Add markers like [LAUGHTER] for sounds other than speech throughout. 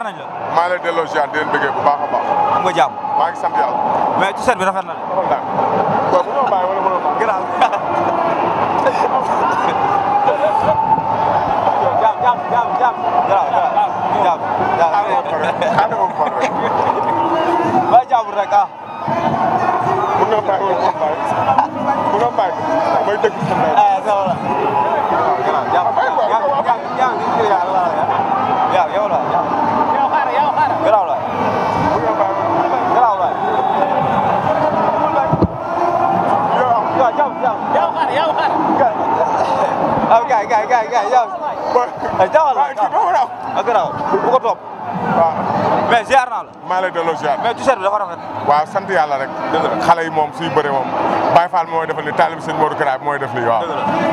ziar nañ la. maa ngi lay delloo ziar di leen bëggee bu baax a baax. am nga jàmm. maa ngi sant yàlla. bi rafet na de. rafet naa ko waaw mënoo bàyyi wala mënoo bàyyi. gannaaw. jaam jaam jaam jaam. jaam jaam jaam. xaaral ma pare xaaral ma pare rek. Ah. gaay gaay gaay gaay yow. jaww la waaw jaww la waaw gannaaw bu ko topp waaw mais ziar naa la. maa ngi lay delloo ziar. mais t-shirt bi dafa rafet. waaw sant yàlla rek. xale yi moom suy bëre moom Baye Fall mooy defal li taalib sëñ Modou Kara bi mooy def li waaw.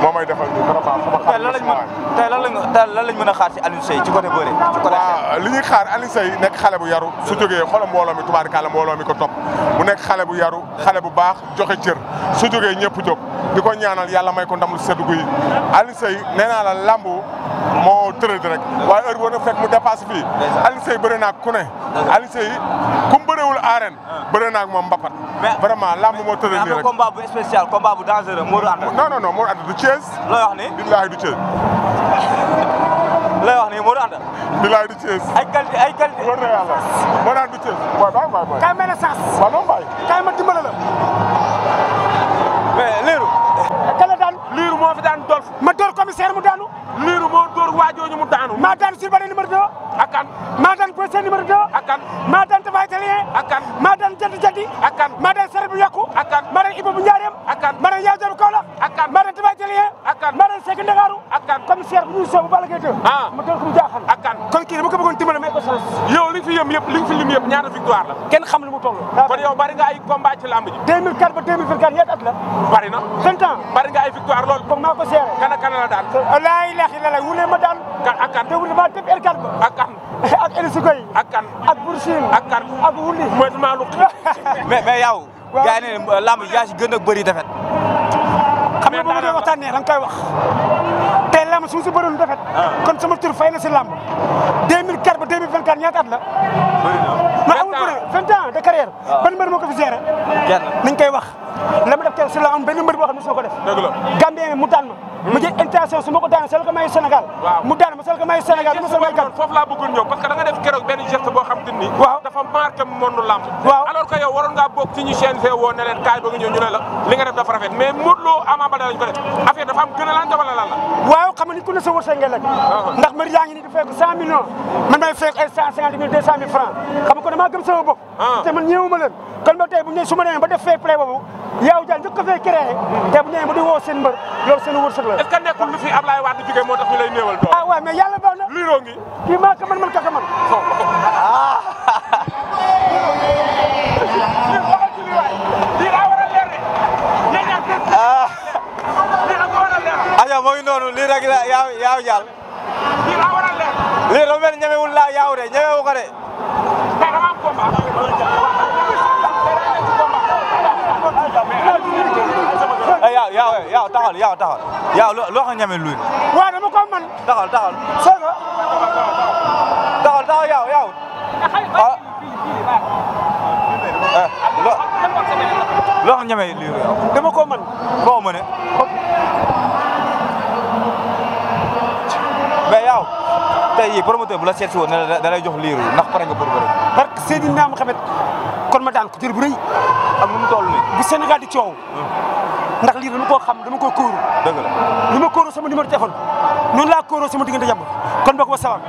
moo may defal li vraiment sama xarit la sama waay. tey lan lañ mën tey lan lañ mën a xaar ci Alioune Seye ci côté bëre. ci côté waaw li ñuy xaar Alioune Seye nekk xale bu yaru su jógee xoolal mbooloo mi tubaarkàlla mbooloo mi ko topp bu nekk xale bu yaru xale bu baax joxe cër su jógee ñëpp jóg di ko ñaanal yàlla may ko ndam lu sedd guy Alioune Seye nee naa la lambu moo tërëd rek waaye heure boo na fekk mu dépassé fii Alioune Seye bëri naag ku ne Alioune Seye ku mu bëriwul aareen ah. bëri naag moom mbapat moo tërëd nii rek combat bu spécial combat bu dangereux Modou Anta non non non Modou Anta du Thiès looy wax ma dimbale la mais liiru kala daan liiru moo fi daan dolf ma door commissaire mu daanu liiru moo dóor waa jooju mu daanu. Matane Sirbane numéro 2. akan kan. Matane Bocé numéro 2. ak kan. Matane Tapha Italien. ak kan. Matane Jadi Jadi. ak kan. Matane Sare akan yokku. ak kan. Matane Iba bu Njaareem. ak kan. akan Yaw Jabi Kaolack. akan kan. Matane Tapha Italien. ak kan. Matane Seck bu ñuy sew bu Balla Gaye ah mu doon ko mu jaaxal. ak kan. kon kii dama ko bëggoon dimbale may ko chance. yow li fi yëm yëpp li fi lim yëpp ñaata victoire la. kenn xam lu mu toll. kon yow bari nga ay combat ci lamb ji. 2004 ba 2024 ñaata at la. bari na. 20 ans bari nga ay victoire lool. kon maa ko seere. kan ak la daal. la ilaha illallah siko yi ak kan ak bursin ak kan ak wuli mooy tumaa lu [LAUGHS] mais mais yow gars yi ne lamb yaa si gën a bëri defet xam nga bu ma doon waxtaanee da nga koy wax si bëroon defet ah. kon sama tur fay na si lamb 2004 ba 2024 ñaata at la ma amul bëri vingt ans de carrière ah. ban mbër moo ko fi géré nañ koy wax la ma def tey si la am benn mbër boo xam ne su def Gambien mu tànn hmm. mu jël intention su daan sel ko may Sénégal mu daan ma sel ko may Sénégal ma sel ko may kan foofu laa bëggoon ñëw parce def xam waaw dafa marqué monde lamb waaw alors que yow waroon ngaa bokk ci ñu CNG woo ne leen kaay ba nga ñëw ñu ne li nga def dafa rafet mais Ama Baldé lañ ko dafa am gën a lan waaw xam ni ku ne sa wërsëg ah ah. ndax mbir yaa di fekk cent millions man may fekk ay cent cinquante mille deux cent mille francs xam nga ah. bu yaaw jaan njëkk fee créé te bu ñu nee ba di woo seen mbër loolu seen wërsëg la est-ce que nekkul lu fi Ablaye Wade noonu lii rek la yaa yaa jàll. lii dafa mel ni ñemewul laa yaaw de ñemewu ko de. yaaw yaaw yaaw taxal yaaw taxal yaaw loo xam ñeme luy. waaw dama ko man. taxal taxal soo ko. taxal taxal yaaw yaaw. loo xam ñeme luy. dama ko man. boo mënee. mais yow tey yi promoteur bu la seet si woon da lay jox liiru ndax pare nga pour bëri parce que Seydina Mohamed kon ma daan ko jël bu rëy ak nu mu toll nii bu Sénégal di coow mm. ndax lii dama koo xam dama koo kóoru dëgg la li ma kóoroo sama numéro téléphone noonu laa kóoroo sama diggante jàmm kon bokk ma sabab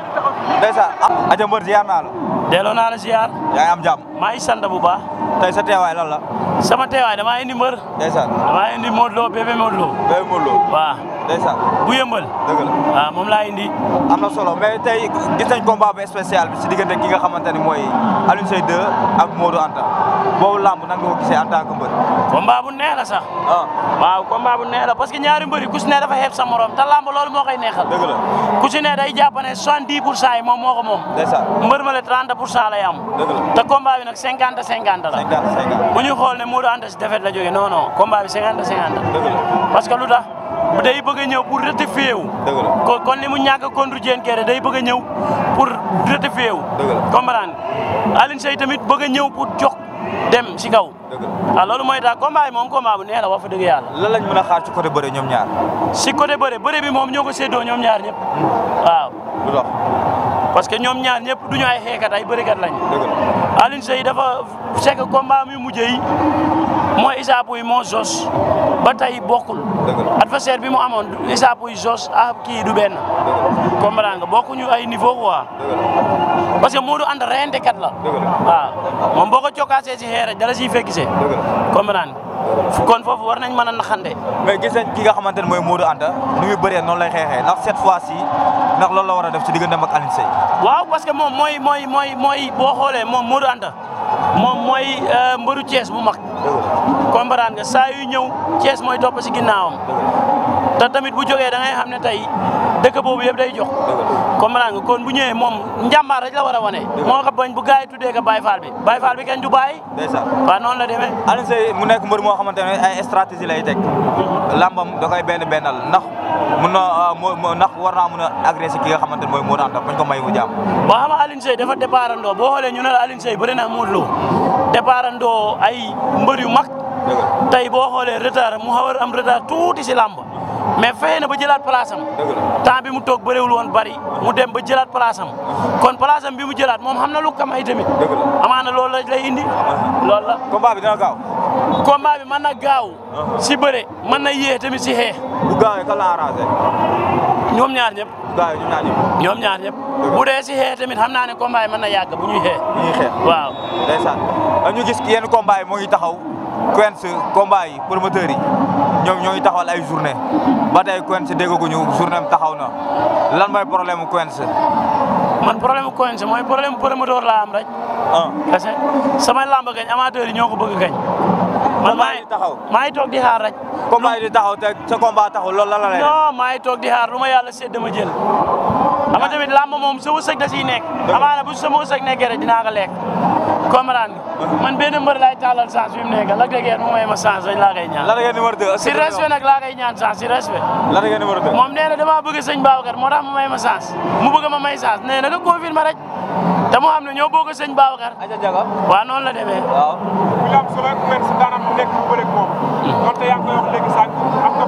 ndeysaan aja mbër ziar naa la delloo naa la ziar yaa ngi am jàmm maa ngi sant bu baax tey sa teewaay lan la sama teewaay damaa indi mbër ndeysaan damaa indi Modou Lo bébé Modou Lo bébé Modou Lo waaw desa bu yëmbal dëgg la waaw ah, moom laa indi am na solo mais tey gis nañ combat bu spécial bi si diggante ki nga xamante ni mooy Alioune Seye 2 ak Modou Anta boobu làmb nan nga ko gisee en tant que mbër combat bu neex la sax ah waaw combat bu neex la parce que ñaari mbëri ku si ne dafa xeeb sa morom te am dëgg la te combat bi nag 50 50 la 50 50 bu ñu xool ne Modou Anta si défaite la jógee bu day bëgg a ñëw pour rectifier wu. dëgg kon li mu ñàkk a contre Diène Kairé day bëgg a ñëw pour rectifier wu. dëgg comprendre Alioune Seye tamit bëgg ñëw pour jox dem si kaw. dëgg la ah, loolu mooy daal combat yi moom combat bu neex la wax fa dëgg yàlla. lan lañ mën a xaar ci côté bëre ñoom ñaar. si côté bëre bëre bi moom ñoo ko séddoo ñoom ñaar ñëpp waaw. lu tax parce que ñoom ñaar ñëpp duñu ay xeexkat ay bërekat lañ. dëgg la dafa fekk combat mi mujj mooy Issa Pouye moo jos ba tey bokkul adversaire bi mu amoon Issa Pouye jos ah kii du benn comprendre nga bokkuñu ay niveau quoi parce que Modou Anta reyantekat la waaw moom boo ko cokkaasee si xeer dala siy fekkise comprendre kon fofu war nañ mëna naxandé mais gis nañ ki nga xamantene moy Modou anda nu muy bëré non lay xéxé nak cette fois ci nak loolu la wara def ci digënde mak aline sey waaw parce que mom moy moy moy moy bo xolé mom Modou Anta moom mooy euh, mbëru Thiès bu mak comprendre nga sa yu ñëw Thiès moy top ci ginnawam te tamit bu jogee da ngay xam ne tey dëkk boobu day jox comprendre nga kon bu ñëwee moom njàmbaar rek la war a wane moo ko bu gars yi tuddee ko Baye Fall bi Baye bi kenn du bàyyi ndeysaan noonu la demee Alioune mu nekk mbër moo xamante ne ay stratégie lay teg mhm. lambam da koy benn bennal ndax mun na ah, moo ndax war naa mun a agressé ki nga xamante ne mooy Modou Anta bañ ko may mu jàmm waaw xam nga Alioune Seye dafa départandoo boo xoolee ñu ne la Alioune bëri na Modou Lo départandoo ay mbër yu mag tey boo xoolee retard mu xawar am retard tuuti si làmb mais fexe na ba jëlaat place am temps bi mu toog bëriwul woon bari mu dem ba jëlaat place kon place am bi mu jëlaat moom xam na lu ko may tamit na loolu la lay indi loolu la combat bi dina gaaw combat bi man na gaaw uh-huh. si bëre mën na yéex tamit si xeex bu gaawee ka ñoom ñaar ñëpp ñoom ñaar ñëpp bu dee si xeex tamit xam naa ne combat yi mën na yàgg bu ñuy xeex bu ñuy xeex waaw gis yenn combat yi moo ngi taxaw Quench combat yi promoteurs yi ñoom ñooy taxawal ay journée ba tey Quench déggaguñu journée am taxaw na lan mooy problème mu Quench. man problème mu Quench mooy problème mu promoteur laa am rek. ah parce que samay lamba gañ amateurs yi ñoo ko bëgg gañ. man maa ngi taxaw maa ngi toog di xaar rek. combat yi di taxaw te sa combat taxaw loolu la la lay. non maa ngi toog di xaar lu ma yàlla seet ma jël. ama ah. tamit làmb moom sa wërsëg da siy nekk. amaana bu sa wërsëg nekkee rek dinaa ko lek comprendre nga man benn mbër laay taalal chance bi mu nekk Lac de Guiers mu may ma chance rek laa koy ñaan. Lac de Guiers numéro 2. si respect nag moom nee na damaa bëgg sëñ Babacar moo tax mu may ma chance mu bëgg ma may chance nee na nga confirmer rek te moo xam ne ñoo bokk sëñ Babacar. aja jaga waaw la demee. waaw. bu ñu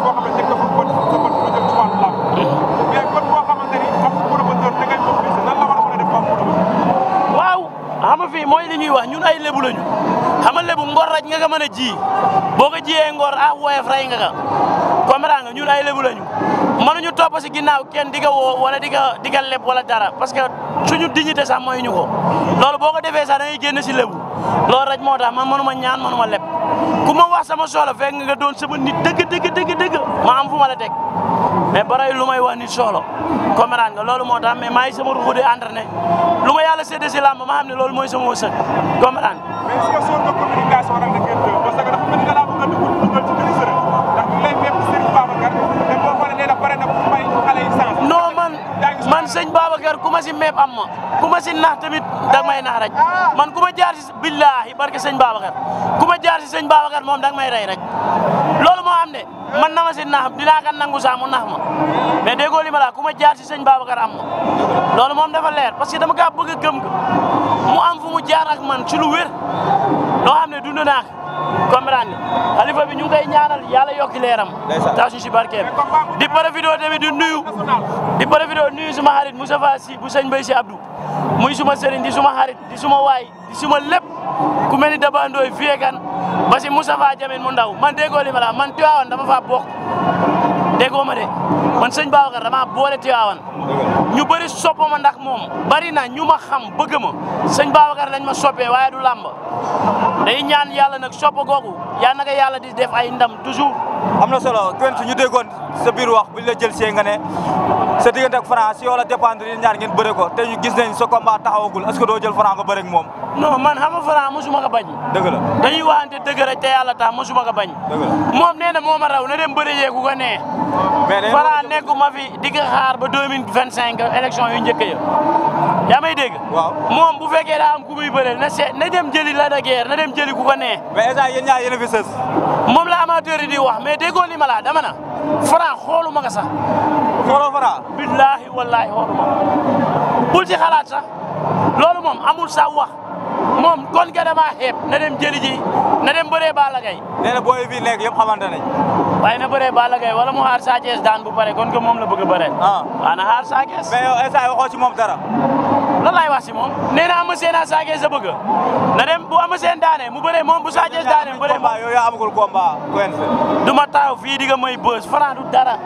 li ñuy wax ñun ay lebu lañu xam nga lebu ngor raj nga nga mën a ji boo ko jiyee ngor ah woyof rey nga ka comprendre nga ñun ay lebu lañu mënuñu topp si ginnaaw kenn di ka woo wala di ka di ka leb wala dara parce que suñu dignité sax mooy ñu ko loolu boo ko defee sax da ngay génn si lebu loolu raj moo tax man mënu ma ñaan mënu ma leb ku ma wax sama soxla fekk nga doon sama nit dëgg dëgg dëgg dëgg ma am fu ma la teg mais barey lu may wax nit soxla comprendre loolu moo tax mais maa ngi sama ruxu di entraîné lu ma yàlla séddee si làmb ma xam ne loolu mooy sama wërsëg comprendre mais est man man sëñ Babacar ku ma si mépp am ma ku ma si nax tamit da may nax rek ah! man ku ma jaar si billaahi barke sëñ Babacar ku ma jaar si sëñ Babacar moom da may rey rek loolu moo am de man na ma si nax dinaa kan nangu sax mu nax ma mais déggoo li ma la ku ma jaar si sëñ Babacar am ma loolu moom dafa leer parce que dama kaa bëgg a gëm mu am fu mu jaar ak man ci lu wér loo xam ne dund naa comprendre nga bi ñu ngi koy ñaanal yàlla leeram. taasu si barkeem di profité tamit di nuyu. di profité nuyu suma xarit Moustapha Sy bu sañ Mbaye Sy Abdou. muy suma seriñ di suma xarit di suma waay di suma lépp ku mel ni dabandooy fiyee kan ba si Moustapha Jamil mu ndaw man déggoo li ma la man Tiwaawan dama faa bokk déggoo ma de man sëñ Babacar dama boole Tiwaawan ñu bëri sopp ma ndax moom bari na ñu ma xam bëgg ma sëñ Babacar lañ ma soppee waaye du làmb day ñaan yàlla nag sopp googu yaa naka yàlla di def ay ndam toujours. am na solo gën ci ñu déggoon sa biir wax buñ la jël see nga ne sa diggante ak Franc si yow la dépendre yi ñaar ngeen ko te ñu gis nañ sa combat taxawagul est-ce que doo jël Franc nga bëre moom. non man xam nga Franc mosuma ko bañ. dëgg la dañuy waxante dëgg rek te yàlla tax mosuma ko bañ. dëgg la nee na moo ma raw na dem bëri yee ku ko nee. mais nee ma fi di nga ba deux mille vingt cinq élection yu njëkk ya. yaa may dégg. waaw bu fekkee daa am ku muy bëreel na seet na dem jëli la de guerre na dem jëli ku ko nee. mais état yéen ñaa yéen fi sës. moom la amateur yi di wax mais déggoo li ma la dama xoolu ma ko sax. xooloo Franc. billaahi wallaahi xoolu bul ci xalaat sax loolu moom amul sa wax. moom kon nga damaa xeeb na dem jëli ji na dem bëree Balla Gaye. nee na booy nekk yëpp xamante nañ. waaye na bëree Balla Gaye wala mu xaar Sa daan bu pare kon que moom la bëgg a bëree. ah na xaar Sa Thiès. mais yow instant moom dara. lan laay wax si moom nee na Eumeu Sène ak Sa na dem bu ama Sène daane mu bëree moom bu Sa Thiès daane mu amagul combat yow yaa du ma taw fii di nga may bës dara.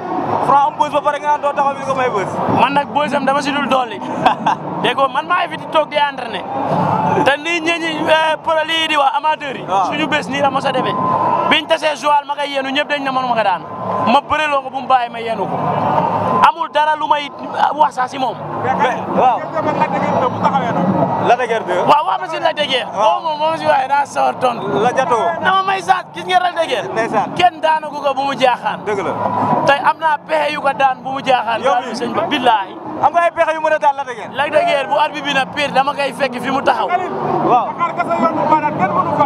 Franc am bës ba pare nga naan doo taxaw fi ko may bës. man nag bësam dama si dul dolli [LAUGHS] dégg nga man maa fi di toog di entraîné te nii ñi ñi eh, pro di wax amateurs yi. Ah. suñu bés nii la mos a demee biñ tasee Joal ma koy yéenu ñëpp dañ ne man ma ko daan ma bëreloo ko bu mu bàyyi ma yéenu ko amul dara lu may eh, wax sax si moom. waaw. la dëgër de. waaw waaw monsieur la dëgër. waaw moom moom si waaye naa sawar tontu. la na ma may sax gis ngeen la dëgër. ndeysaan kenn daanagu bu mu jaaxaan. dëgg am naa pexe yu ko daan bu mu jaaxaan. yow mii sëñ bi billaahi. am nga ay pexe yu mën a daan la dëgër. la dëgër bu arbi bi na pire dama koy fi mu taxaw. waaw.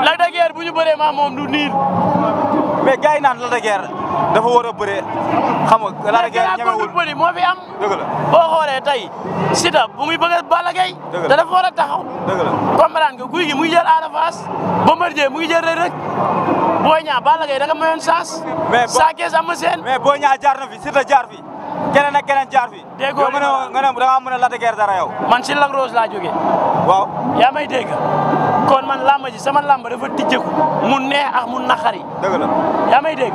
la dëgër bu ñu bëree maa moom du niir. mais gars yi naan Lac de Guiers dafa war a bëree xam nga Lac de Guiers ñemewul bëri moo fi am dëgg la boo xoolee tey Siteu bu muy bëgg a Balla Gaye dafa war taxaw dëgg la comprendre nga guy gi mu jël Ada Fass Bombardier mu ngi jël Reug Reug Boy Niang Balla Gaye da nga mayoon chance Sa Thiès am na seen mais Boy Niang jaar na fi Siteu jaar fi keneen ak keneen jaar fi déggoo nga ne da ngaa mën a Lac de Guiers dara yow man si Lac Rose laa jógee waaw yaa may dégg kon man làmba ji sama làmba dafa tijjeeku mu neex ak mu naqari. dëgg la yaa may dégg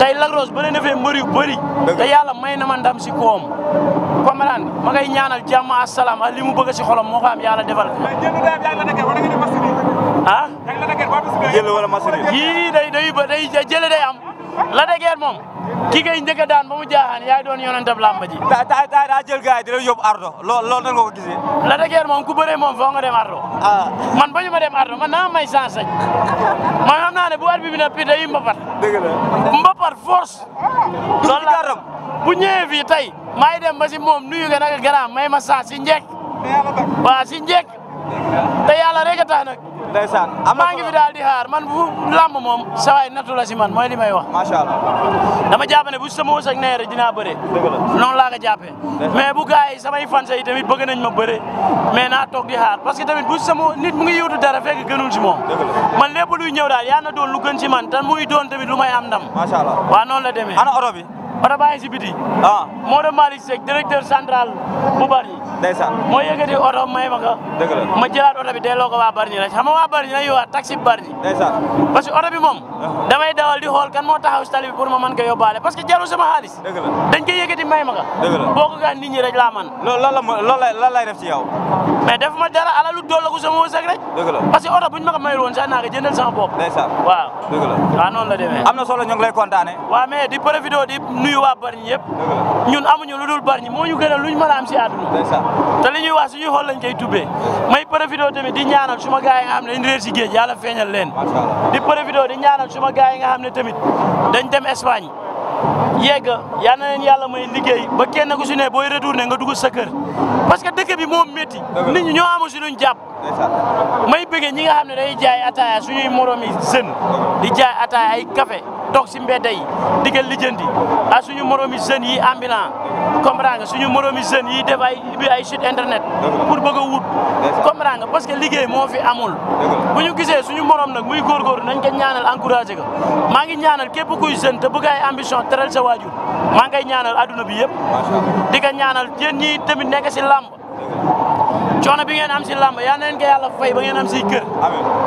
tey Lac Rose ba ne defee mbër yu bëri. te yàlla may na ma ndam si koom. comprendre ma ngay ñaanal jàmm ak salaam ak li mu bëgg si xolam moo ko am yàlla defal ko. ah yaa day day ba day am. la degeer moom ki ngay njëkk a daan ba mu jaaxaan yaay doon yonentab làmb ji. ta ta daa jël gars yi di ardo lool loolu nan nga ko gisee. la degeer moom ku moom foo dem ardo. Ah. man ba ñu ma dem ardo man naa may chance rek man xam naa bu arbitre bi na yi mbapat. mbapat force. loolu la bu ñëwee fii tey maa dem ba si moom nuyu nga nag garaam may ma chance si njëkk. waaw si njëkk te yàlla ndeysaan maa ngi fi daal di xaar man bu làmb moom sawaay nattu la si man mooy li may wax macha allah dama jàpp bu sama wës ak neere dinaa bëre noonu laa ko jàppee mais bu gars yi samay fans yi tamit bëgg nañ ma bëre mais naa toog di xaar parce que tamit bu sama nit mu ngi yóotu dara fekk gënul si moom man lépp luy ñëw daal yaa na doon lu gën si man te muy doon tamit lu may am ndam macha allah waaw la deme ana oto bi bara bayi si biti ah Modou Malick Seck directeur central bu Bargny ndeysaan moo yëkkati oto may ma ko dëgg la ma jëlaat oto bi delloo ko waa Bargny rek xam nga waa Bargny nag yowaat taxi Bargny ndeysaan dawal di hall kan mau tahu si tali bi pour ma mën pas kejar parce que dan sama xaalis dëgg la dañ koy yëkkati may ma ko dëgg la boo ko gaan nit ñi rek laa man loolu lan la lan lay mais def ma dara sama wërsëg rek dëgg la parce que oto buñ ma ko mayul woon sax naa ko jëndal sama bopp ndeysaan waaw dëgg la waaw noonu la demee am solo ñu ngi lay mais di di nuyu waa Bargny yëpp ñun amuñu lu dul Bargny moo ñu gënal luñ mën am si àdduna te li ñuy wax suñuy xool lañ koy tubbee may profité tamit di ñaanal suma gars yi nga xam si géej yàlla feeñal leen di profité di ñaanal suma gars yi nga xam ne tamit dañ dem Espagne yegg yal na leen yàlla may liggéey ba kenn ku si ne booy ne nga dugg sa kër parce que dëkk bi moom métti nit ñi ñoo amul si luñ jàpp may bëggee ñi nga xam ne day jaay ataaya suñuy moromi jeunes di jaay ataaya ay café toog si mbedd yi di ko lijjanti ak suñu moromi jeunes yi ambulant comprendre nga suñu moromi jeunes yi def ay bi ay site internet pour bëgg a wut comprendre nga parce que liggéey moo fi amul bu ñu gisee suñu morom nag muy góorgóorlu nañ ko ñaanal encouragé ko maa ngi ñaanal képp kuy jeune te bëgg ay ambition teral sa waajur maa ngi koy ñaanal adduna bi yëpp di ko ñaanal yéen ñi tamit nekk si làmb coono bi ngeen am si làmb yal na leen ko yàlla fay ba ngeen am si kër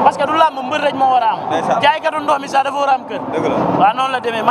parce du làmb mbër rek moo war a am jaaykatu ndox mi sax dafa a kër waaw noonu la demee